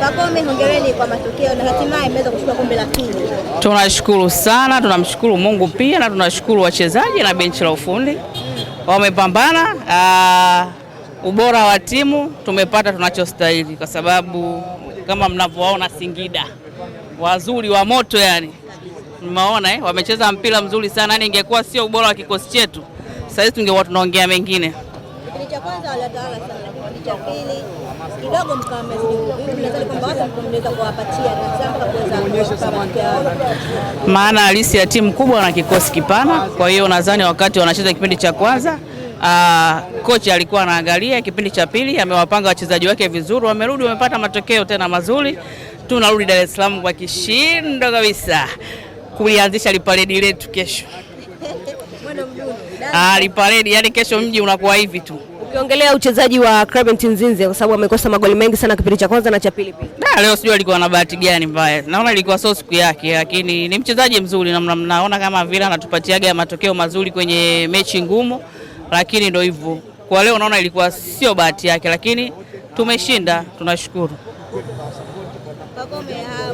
Pacome, hongereni kwa matokeo na hatimaye mmeweza kuchukua kombe la pili. Tunashukuru sana, tunamshukuru Mungu pia na tunashukuru wachezaji na benchi la ufundi wamepambana. Uh, ubora wa timu tumepata tunachostahili, kwa sababu kama mnavyoona Singida wazuri wa moto, yani mmeona eh, wamecheza mpira mzuri sana, yani ingekuwa sio ubora wa kikosi chetu sasa hivi tungekuwa tunaongea mengine kwanza waliwatawala sana, cha pili kidogo mkawa kwamba watu mnaweza kuwapatia maana halisi ya timu kubwa na kikosi kipana. Kwa hiyo nadhani wakati wanacheza kipindi cha kwanza Uh, ah, kocha alikuwa anaangalia kipindi cha pili, amewapanga wachezaji wake vizuri, wamerudi wamepata matokeo tena mazuri. Tunarudi Dar es Salaam kwa kishindo kabisa kulianzisha liparedi letu kesho. Ah, liparedi yani, kesho mji unakuwa hivi tu. Ukiongelea uchezaji wa Clement Nzinze kwa sababu amekosa magoli mengi sana kipindi cha kwanza na cha pili pia. Da, leo sijui alikuwa na bahati gani mbaya. Naona ilikuwa sio siku yake, lakini ni mchezaji mzuri na mnaona kama vile anatupatiaga matokeo mazuri kwenye mechi ngumu, lakini ndio hivyo. Kwa leo naona ilikuwa sio bahati yake, lakini tumeshinda, tunashukuru.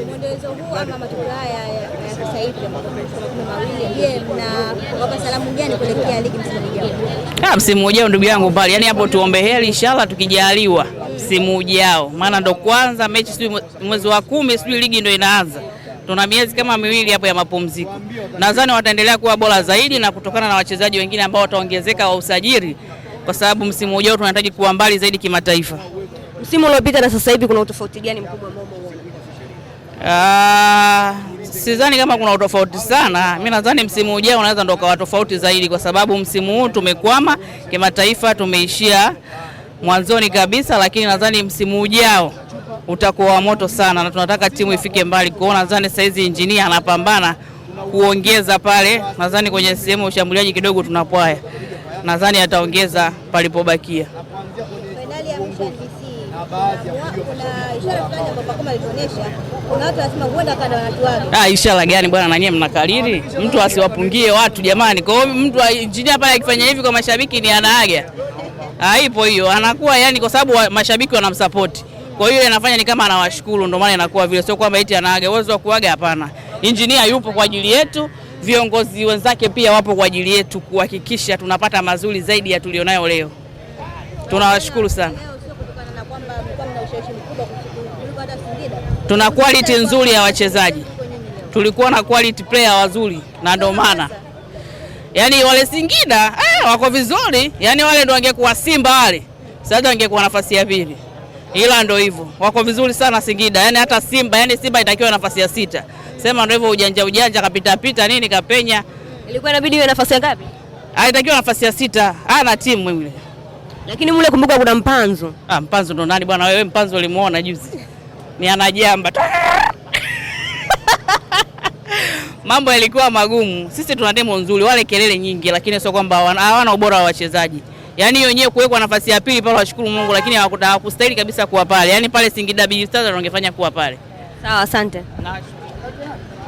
mwendelezo huu ama matokeo haya ya sasa hivi mawili, je, salamu gani kuelekea ligi msimu ujao? Ah, msimu ujao ndugu yangu pale, yaani hapo tuombe heri inshallah, tukijaliwa msimu ujao, maana ndo kwanza mechi, sijui mwezi wa kumi, sijui ligi ndo inaanza. Tuna miezi kama miwili hapo ya mapumziko. Nadhani wataendelea kuwa bora zaidi, na kutokana na wachezaji wengine ambao wataongezeka wa usajili, kwa sababu msimu ujao tunahitaji kuwa mbali zaidi kimataifa. Msimu uliopita na sasa hivi kuna utofauti gani mkubwa ambao umeona? Ah, Sidhani kama kuna utofauti sana. Mimi nadhani msimu ujao unaweza ndo kawa tofauti zaidi, kwa sababu msimu huu tumekwama kimataifa, tumeishia mwanzoni kabisa, lakini nadhani msimu ujao utakuwa moto sana, na tunataka timu ifike mbali. Kwa hiyo nadhani sasa hizi injinia anapambana kuongeza pale, nadhani kwenye sehemu ya ushambuliaji kidogo tunapwaya, nadhani ataongeza palipobakia. Ah, ishara gani bwana, nanyie mnakariri, mtu asiwapungie watu jamani. Kwa hiyo mtu injinia pale akifanya hivi kwa mashabiki ni anaaga, haipo ah, hiyo, anakuwa yani, kwa sababu mashabiki wanamsapoti kwa hiyo anafanya ni kama anawashukuru, ndio maana inakuwa vile, sio kwamba eti anaaga. Uwezo wa kuaga hapana. Injinia yupo kwa ajili yetu, viongozi wenzake pia wapo kwa ajili yetu kuhakikisha tunapata mazuri zaidi ya tulionayo leo. Tunawashukuru sana. Tuna quality nzuri ya wachezaji, tulikuwa na quality player wazuri, na ndio maana yaani wale Singida eh, wako vizuri, yaani wale ndio wangekuwa Simba wale sasa wangekuwa nafasi ya pili, ila ndio hivyo wako vizuri sana Singida, yaani hata Simba, yaani Simba itakiwa nafasi ya sita. Sema ndio hivyo, ujanja ujanja kapita pita nini kapenya, ilikuwa inabidi iwe nafasi ya ngapi? Aitakiwa nafasi ya sita, ana timu yule lakini mule kumbuka kuna mpanzo. Ah, mpanzo ndo nani bwana wewe? Mpanzo ulimuona juzi? Ni anajamba. Mambo yalikuwa magumu. Sisi tuna demo nzuri, wale kelele nyingi, lakini sio kwamba hawana ubora wa wachezaji. Yaani wenyewe kuwekwa nafasi ya pili pale, washukuru Mungu, lakini hawakustahili kabisa kuwa pale. Yaani pale Singida Big Stars wangefanya kuwa pale. Sawa, asante.